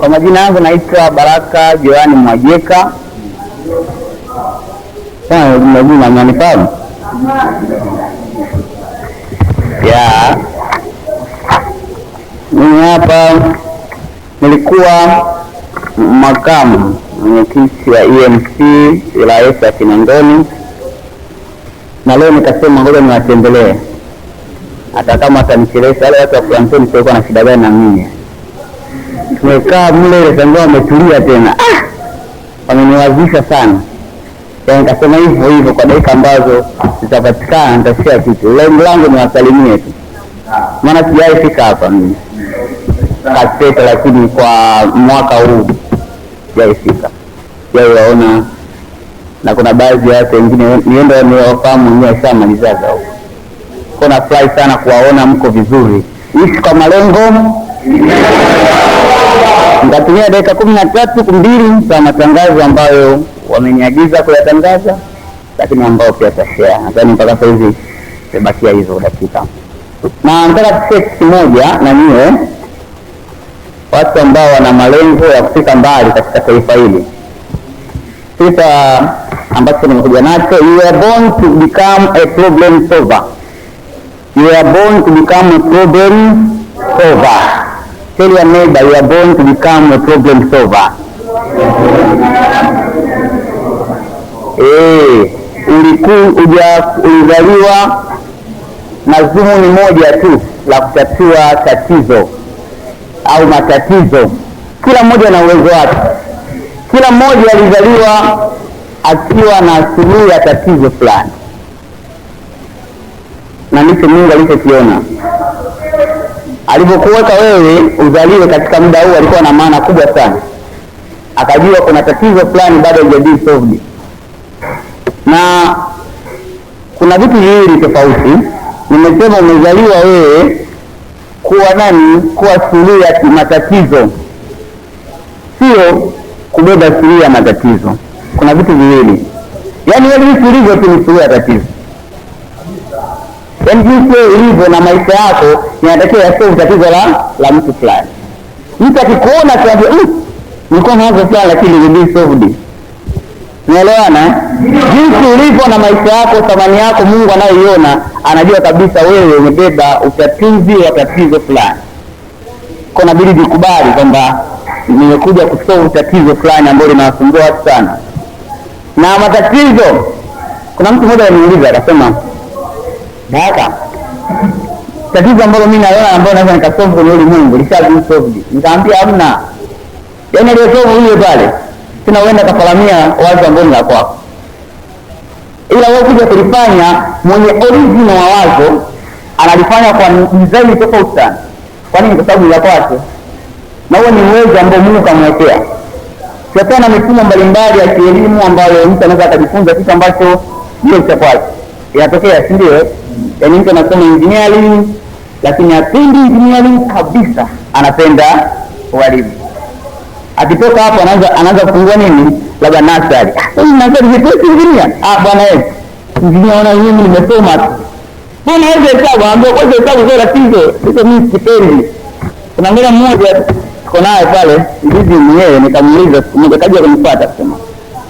Kwa majina yangu naitwa Baraka Joani Mwajeka. Unanifahamu? ya mimi hapa nilikuwa makamu mwenyekiti wa EMC wilaya ya Kinondoni, na leo nikasema ngoja niwatembelee hata kama atanichelewesha wale watu wa Franconi sio na shida gani na mimi? Tumekaa mle ile tangu wametulia tena. Ah! Wameniwazisha sana. Kwa yaani nikasema hivyo hivyo kwa dakika ambazo zitapatikana nitashia kitu. Lengo langu ni wasalimie tu. Maana sijai fika hapa mimi. Kaseta lakini kwa mwaka huu sijai fika. Sijai waona na kuna baadhi ya watu wengine niende niwafahamu wenyewe shamalizaga huko kwa nafurahi sana kuwaona mko vizuri. Ishi kwa malengo, nitatumia dakika kumi na tatu mbili za matangazo ambayo wameniagiza kuyatangaza, lakini ambao pia tashea nadhani mpaka sasa hivi zimebakia hizo dakika, na nataka tushare kimoja na niwe watu ambao wana malengo ya kufika mbali katika taifa hili kitu ambacho nimekuja nacho, you are born to become a problem solver You are born to become a problem solver. Tell your neighbor you are born to become a problem solver. Eh, uliku ulizaliwa na dhumuni moja tu la kutatua tatizo au matatizo. Kila mmoja na uwezo wake. Kila mmoja alizaliwa akiwa na suluhu ya tatizo fulani na ndicho Mungu alichokiona. Alivyokuweka wewe uzaliwe katika muda huu alikuwa na maana kubwa sana, akajua kuna tatizo fulani bado halijadi solved, na kuna vitu viwili tofauti. Nimesema umezaliwa wewe kuwa nani? Kuwa suluhu ya matatizo, sio kubeba suluhu ya matatizo. Kuna vitu viwili, yaani wewe hivi ulivyo tu ni suluhu ya tatizo Yaani jinsi ilivyo na maisha yako inatakiwa yasiwe tatizo la la mtu fulani. Mtu akikuona kwambia mm, nilikuwa na wazo lakini ni solved. Unaelewana? Eh? Jinsi ulivyo na maisha yako, thamani yako, Mungu anayoiona anajua kabisa wewe umebeba utatuzi wa tatizo fulani. Kwa nabidi jikubali kwamba nimekuja kusolve tatizo fulani ambalo linawasumbua watu sana. Na matatizo kuna mtu mmoja aliniuliza akasema na tatizo ambalo mimi naona ambalo naweza nikasolve kwenye ulimwengu lishasolve, nikaambia hamna, yaani aliyosolve yule pale, sina uenda kafalamia wazo ambao ni la kwako, ila wewe kuja kulifanya mwenye original wa wazo analifanya kwa design tofauti sana. Kwa nini? Kwa sababu ya kwake, na huo ni uwezo ambao Mungu kamwekea. Tutatana na mifumo mbalimbali ya kielimu ambayo mtu anaweza akajifunza kitu ambacho sio cha kwake, inatokea, si ndio? Eh? yaani mtu anasoma engineering lakini hapendi engineering kabisa, anapenda ualimu. Akitoka hapo anaanza anaanza kufungua nini, labda nasari ah, engineer. Ah bwana wewe engineer, ona mimi nimesoma tu, bwana hizo hesabu? Ambia kwa hesabu zao tatizo hizo, mimi sipendi. Kuna mmoja mmoja tuko naye pale ndizi yeye nikamuuliza siku moja, kaja kunifuata sema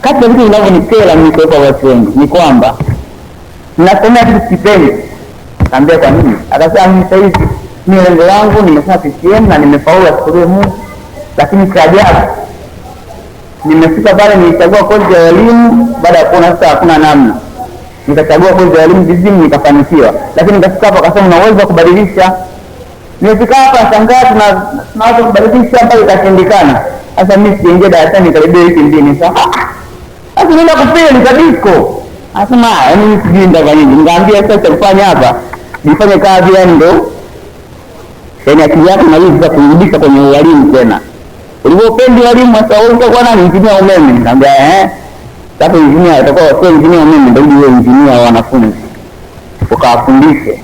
kati ya vitu vinavyonikera mimi kwa watu wengi ni kwamba nasomea kitu sipendi. Kaambia kwa nini? Akasema mimi sasa hivi mimi lengo langu nimesema CCM na nimefaulu, ashukuriwe Mungu, lakini cha ajabu nimefika pale, nilichagua kozi ya elimu baada ya kuona sasa hakuna namna, nikachagua kozi ya elimu vizimu, nikafanikiwa. Lakini nikafika hapa, akasema una kubadilisha. Nimefika hapa shangaa, tuna tunaweza kubadilisha mpaka ikashindikana. Sasa mimi siingie darasani karibia wiki mbili sasa, ah, sasa nenda kupili kabisa Asema yaani sijui nitafanya nini. Nikamwambia sasa cha kufanya hapa nifanye kazi yani ndo yaani akili yako na hizi za kurudisha kwenye ualimu tena. Ulipopendi ualimu sasa wewe utakuwa nani injinia umeme? Nikamwambia eh. Sasa injinia itakuwa sio injinia umeme ndio yule injinia wa wanafunzi. Ukawafundishe.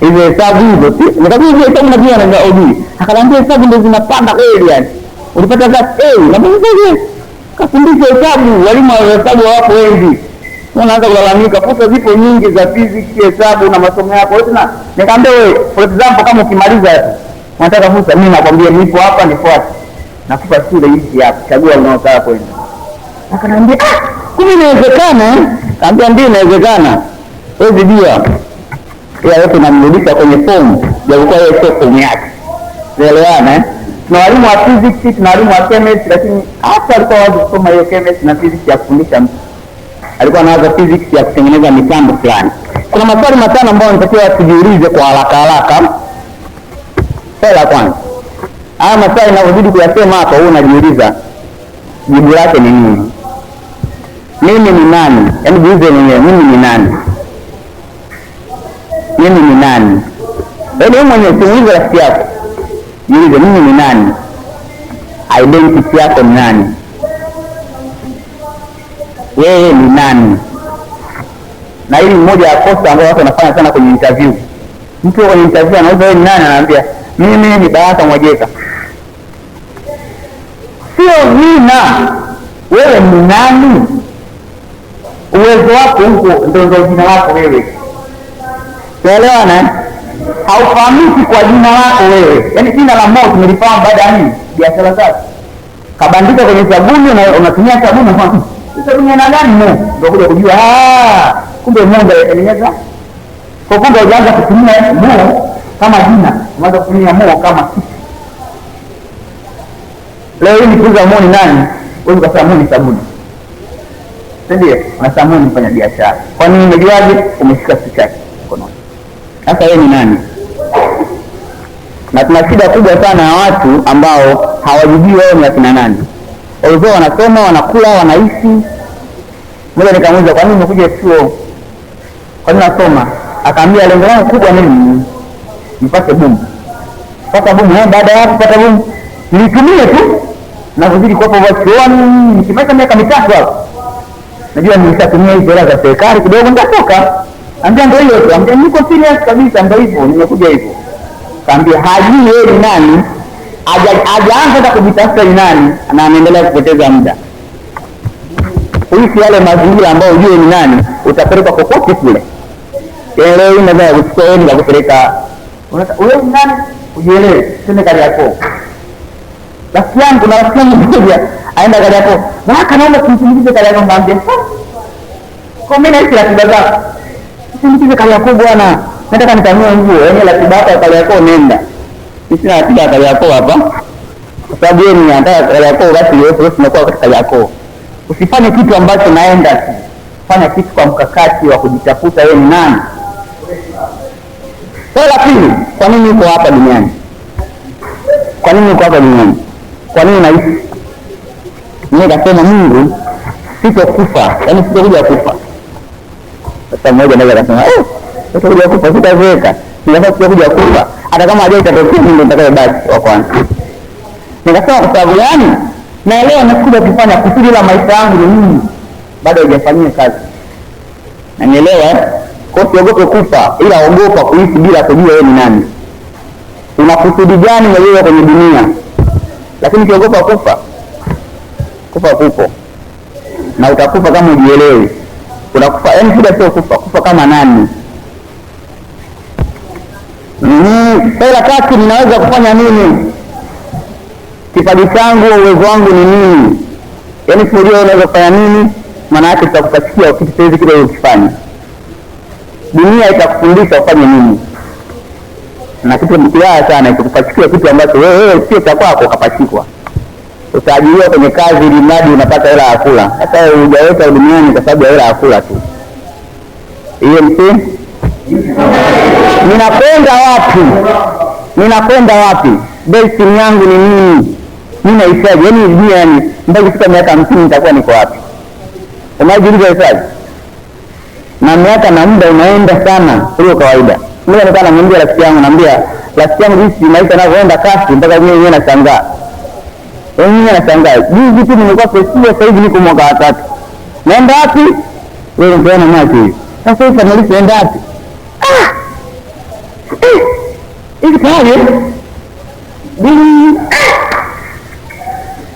Hizo hesabu hizo Nikamwambia hizo hesabu najua na OD. Akaniambia hesabu ndio zinapanda kweli yani. Ulipata za A, na mimi kafundisha hesabu, walimu wa hesabu wapo wengi unaanza kulalamika, fursa zipo nyingi za physics, hesabu na masomo yako yote. Na nikamwambia wewe, for example, kama ukimaliza unataka fursa, mimi nakwambia nipo hapa, nifuate, nakupa shule hizi hapa, chagua unaotaka kwenda. Akaniambia ah, kumbe inawezekana. Eh? Kaambia ndio, inawezekana. Wewe bia ya yote namrudisha kwenye fomu, japokuwa hiyo sio fomu yake, elewana eh tuna walimu wa physics, tuna walimu wa chemistry, lakini hata alikuwa wazi kusoma hiyo chemistry na physics ya kufundisha mtu alikuwa anawaza physics ya kutengeneza mitambo fulani. Kuna maswali matano ambayo nitakiwa tujiulize kwa haraka haraka. Swali la kwanza, haya maswali ninavyozidi kuyasema hapa, huu unajiuliza jibu lake ni nini? Mimi ni nani? Yaani jiulize mwenyewe, mimi ni nani? Mimi ni nani? Yaani wewe mwenyewe simuulize rafiki yako, jiulize mimi ni nani, identity yako ni nani? yeye ni nani? Na hili mmoja ya kosa ambayo watu wanafanya sana kwenye interview. Mtu kwenye interview anauliza wewe ni nani, anaambia mimi ni Baraka Mwajeka. Sio jina, wewe ni nani? Uwezo wako huko ndio ndio jina lako wewe, unaelewana? Haufahamiki kwa jina lako wewe, yaani jina la moto tumelifahamu baada ya nini? Biashara zake kabandika kwenye sabuni, unatumia sabuni Utatumia na gani mu Ndio kuja kujua ah, kumbe Mungu alieleza. Kwa kumbe ujaanza kutumia mu kama jina, unaanza kutumia mu kama kitu. Leo hii nikuuza mu ni nani? Wewe ukasema mu ni sabuni. Ndio, na sabuni mfanya biashara. Kwa nini umejuaje? Umeshika kitu chake mkononi. Sasa yeye ni nani? Na tuna shida kubwa sana ya watu ambao hawajui wao ni akina nani walikuwa wanasoma wanakula wanaishi. Moja nikamuuliza kwa nini umekuja chuo, kwa nini nasoma? Akaambia lengo langu kubwa mimi nipate bumu, pata bumu. Eh, baada ya kupata bumu nilitumie tu na kuzidi kuwapo wachuoni, nikimaliza miaka mitatu hapo najua nilishatumia hizo hela za serikali kidogo, nitatoka. Ambia ndio hiyo tu, ambia niko serious kabisa, ndio hivyo nimekuja hivyo. Kaambia hajui yeye ni nani hajaanza kujitafuta ni nani na anaendelea kupoteza muda. Uishi yale mazingira ambayo ujue ni nani, utapelekwa kokote kule. Eh, leo hii naweza kuchukua wewe nikakupeleka wewe ni nani, ujielewe. Sema kali yako rafiki yangu na rafiki yangu mmoja aenda kali yako maka, naomba kumsindikize kali yako, mwambie kwa mimi naishi ratiba zako, sindikize kali yako bwana, nataka nitanua nguo yenye yaani ratiba yako, kali yako nenda sisi na tisa Kariakoo hapa, kwa sababu yeye ni anataka Kariakoo, basi Yesu tunakuwa katika Kariakoo. Usifanye kitu ambacho naenda tu, fanya kitu kwa mkakati wa kujitafuta wewe ni nani. Swali lakini kwa nini uko hapa duniani? Kwa nini uko hapa duniani? Kwa nini naishi? Mimi nasema Mungu, sitokufa, yaani sitokuja kufa. Sasa mmoja anaweza kusema eh, oh, sitokuja kufa, sitazeeka, sitakuja kufa hata kama ajali itatokea, mimi basi wa kwanza. Nikasema kwa sababu gani? Naelewa nakuja kufanya kusudi la maisha yangu ni nini, bado hajafanyia kazi, na nielewa kwa siogope kufa, ila ogopa kuishi bila kujua wewe ni nani, una kusudi gani na wewe kwenye dunia. Lakini kiogopa kufa, kufa kupo na utakufa kama ujielewi, unakufa. Yaani shida sio kufa, kufa kama nani hela tatu ninaweza kufanya nini? Kipaji changu uwezo wangu ni nini? Yaani tunajua unaweza kufanya nini, maana yake tutakutafikia kitu chochote kile ukifanya Dunia itakufundisha ufanye nini, na kitu kibaya sana ikikupachikia kitu ambacho wewe sio cha kwako, ukapachikwa utaajiriwa kwenye kazi ili mradi unapata hela ya kula. Hata ujaweka duniani kwa sababu ya hela ya kula tu, hiyo msingi ninakwenda wapi? Ninakwenda wapi? Destiny yangu ni nini? Mimi naifaje? yani dunia, yani mpaka kufika miaka hamsini nitakuwa niko wapi? Unajiuliza swali, na miaka na muda unaenda sana kuliko kawaida. Mimi nilikuwa namwambia rafiki yangu, naambia rafiki yangu, jinsi maisha yanavyoenda kasi, mpaka mimi mwenyewe nashangaa, mimi nashangaa. Juzi tu nilikuwa kesi, sasa hivi niko mwaka wa tatu. Naenda wapi wewe? Ndio na macho hiyo. Sasa hivi nalisi naenda wapi? hivi pale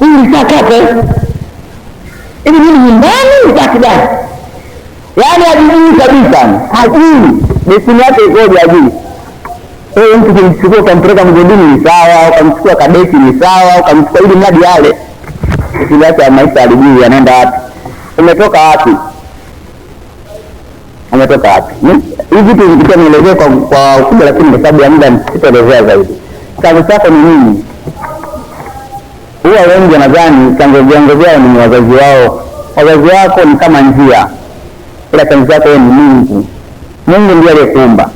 ilisakate hivi mimi nyumbani nitakidani, yaani hajijui kabisa, hajui destini yake ikoje, hajui. Kwa hiyo mtu kimchukua ukampeleka mgodini ni sawa, ukamchukua kadeti ni sawa, ukamchukua ili mradi yale, destini yake ya maisha alijui, anaenda wapi, umetoka wapi ametoka wapi. Hmm? Hii vitu nikitia nielezee kwa kwa ukubwa, lakini kwa sababu ya muda sitaelezea zaidi. Chanzo chako ni nini? Huwa wengi wanadhani chanzo vyanzo vyao ni wazazi wao. Wazazi wako ni kama njia, ila chanzo chako ni Mungu. Mungu ndiye aliyekuumba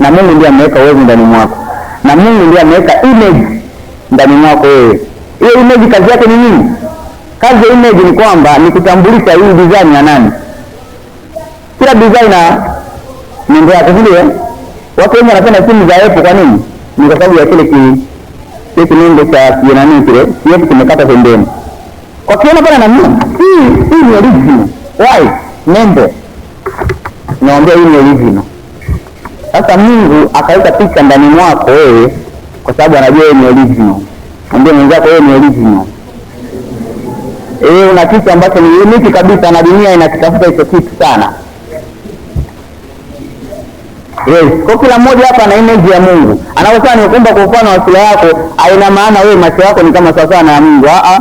na Mungu ndiye ameweka uwezo ndani mwako na Mungu ndiye ameweka image ndani mwako wewe. Hiyo image kazi yake ni nini? Kazi ya image ni kwamba ni kutambulisha hii design ya nani kila bidhaa ina nembo yake vile. Watu wengi wanapenda simu za Apple kwa nini? Ni kwa sababu ya kile ki kile kinungo cha kienani kile, kile kimekata pembeni. Kwa kiona bwana na mimi, hii hii ni original. Why? Nembo. Naomba hii ni original. Sasa Mungu akaweka picha ndani mwako wewe kwa sababu anajua wewe ni original. Mwambie mwenzako wewe ni original. Eh, una kitu ambacho ni unique kabisa na dunia inakitafuta hicho kitu sana. Yes. Kwa kila mmoja hapa ana image ya Mungu. Anaposema nimekumba kwa mfano wa sura yako, haina maana wewe macho yako ni kama sawa na ya Mungu. Ah ah.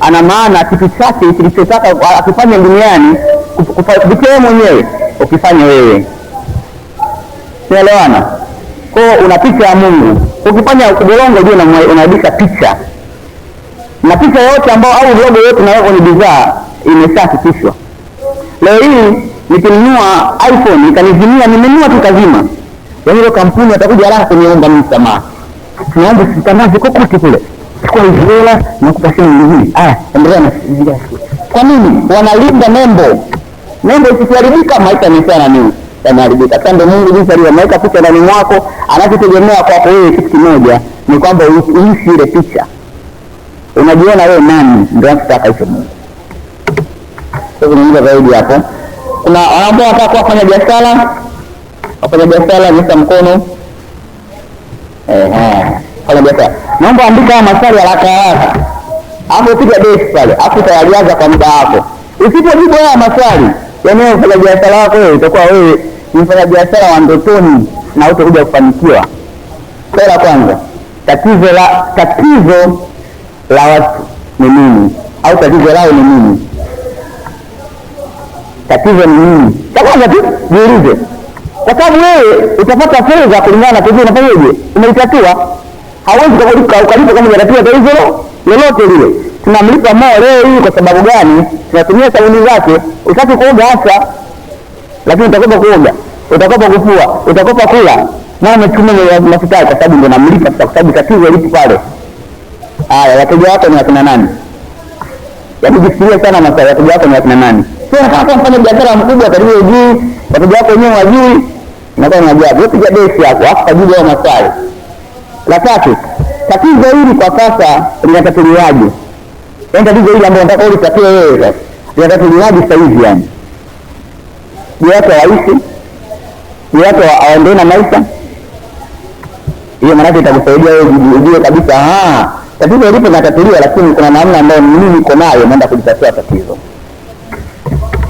ana maana kitu chake kilichotaka akifanya duniani kupitia wewe mwenyewe ukifanya wewe. Sielewana. Kwa hiyo una picha ya Mungu. Ukifanya kuborongo jua unaandika picha. Na picha yote ambayo au logo yote unaweka kwenye bidhaa imeshahakikishwa. Leo hii nikinunua iPhone ikanizimia, nimenunua tukazima kazima, yaani hiyo kampuni atakuja alafu kuniomba mimi msamaha. Tunaomba sitangaze kokote kule, chukua hizo hela na kupa simu hii Haya, ah, endelea na kwa nini wanalinda nembo? Nembo ikiharibika maisha ni sana nini yanaharibika. Sasa ndio Mungu jinsi maisha picha ndani mwako, anachotegemea kwako wewe kitu kimoja ni kwamba uishi ile picha, unajiona wewe nani. Ndio anataka hicho Mungu. Sasa tunaenda zaidi hapo kuna wanaambao wanataka kuwa biashara, wafanya biashara nyosha mkono fanya biashara. Naomba andika haya maswali haraka haraka, alafu piga besi pale, alafu utayalianza kwa muda wako. Usipojibu haya maswali yaani mfanya biashara wako wewe utakuwa wewe ni mfanya biashara wa ndotoni na utakuja kufanikiwa. Swali la kwanza, tatizo la tatizo la watu ni nini? Au tatizo lao ni nini? Tatizo ni nini? Cha kwanza tu jiulize, kwa sababu wewe utapata fedha kulingana na tatizo. Unafanyaje? Umeitatua. Hawezi ukalipa kama hujatatua tatizo lolote lile. Tunamlipa Mo leo hii kwa sababu gani? Tunatumia sabuni zake. Utaki kuoga hasa, lakini utakopa kuoga, utakopa kufua, utakopa kula, na ya mafuta kwa sababu ndo namlipa sasa, kwa sababu tatizo lipo pale. Haya, wateja wako ni wakina nani? Yakujifikiria yaani sana maswali, wateja wako ni wakina nani? Sio nataka kuwa mfanya biashara mkubwa tajiri hujui, wateja wako wenyewe wajui, nakuwa ni ajabu. Piga besi hapo, afu kajibu ya maswali. La tatu, tatizo hili kwa sasa linatatuliwaje? Yaani tatizo hili ambalo nataka ulitatue wewe sasa linatatuliwaje sasa hivi? Yani ni watu hawaishi? ni watu hawaendelee na maisha? Hiyo maanake itakusaidia wewe ujue kabisa, ah, tatizo lipo linatatuliwa, lakini kuna namna ambayo mimi niko nayo naenda kulitatua tatizo.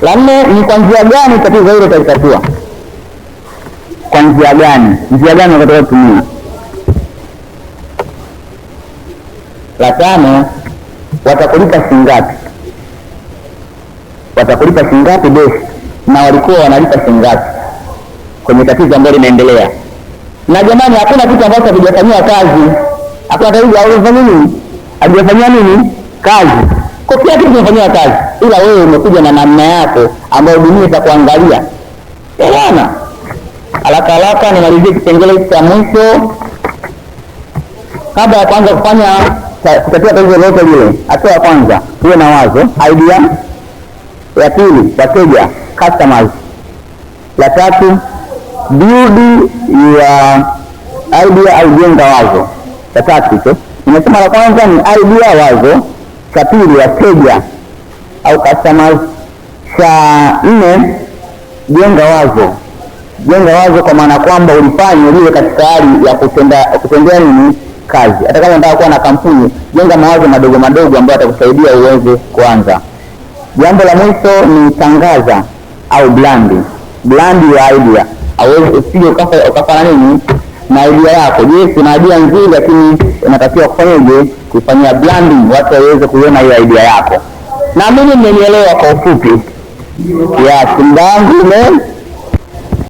La nne ni kwa njia gani tatizo hilo utalitatua, kwa njia gani, njia gani unataka kutumia. La tano, watakulipa shingapi, watakulipa shingapi desi, na walikuwa wanalipa shingapi kwenye tatizo ambalo linaendelea. Na jamani, hakuna kitu ambacho hakijafanyiwa kazi, hakuna tatizo halijafanyia nini, hajafanyia nini kazi Kofia kitu tunafanyia kazi, ila wewe umekuja na namna yako ambayo dunia itakuangalia sana. Haraka haraka nimalizie kipengele hiki cha mwisho kabla ya kwanza kufanya kutatua tatizo lolote lile. Hatua ya kwanza uwe na wazo, idea. Ya pili wateja, customers. La tatu build ya idea au jenga wazo. La tatu hicho nimesema, la kwanza ni idea, wazo cha pili wateja au customers. Cha nne jenga wazo, jenga wazo kwa maana kwamba ulifanye liwe katika hali ya kutenda kutendea nini kazi. Hata kama unataka kuwa na kampuni, jenga mawazo madogo madogo ambayo atakusaidia uweze kuanza. Jambo la mwisho ni tangaza au blandi, blandi ya idea, au usije ukafa nini na idea yako. Je, kuna idea nzuri, lakini unatakiwa kufanyaje? Kuifanyia branding, watu waweze kuiona hiyo idea yako. na mimi mmenielewa kwa ufupi. Ya, muda wangu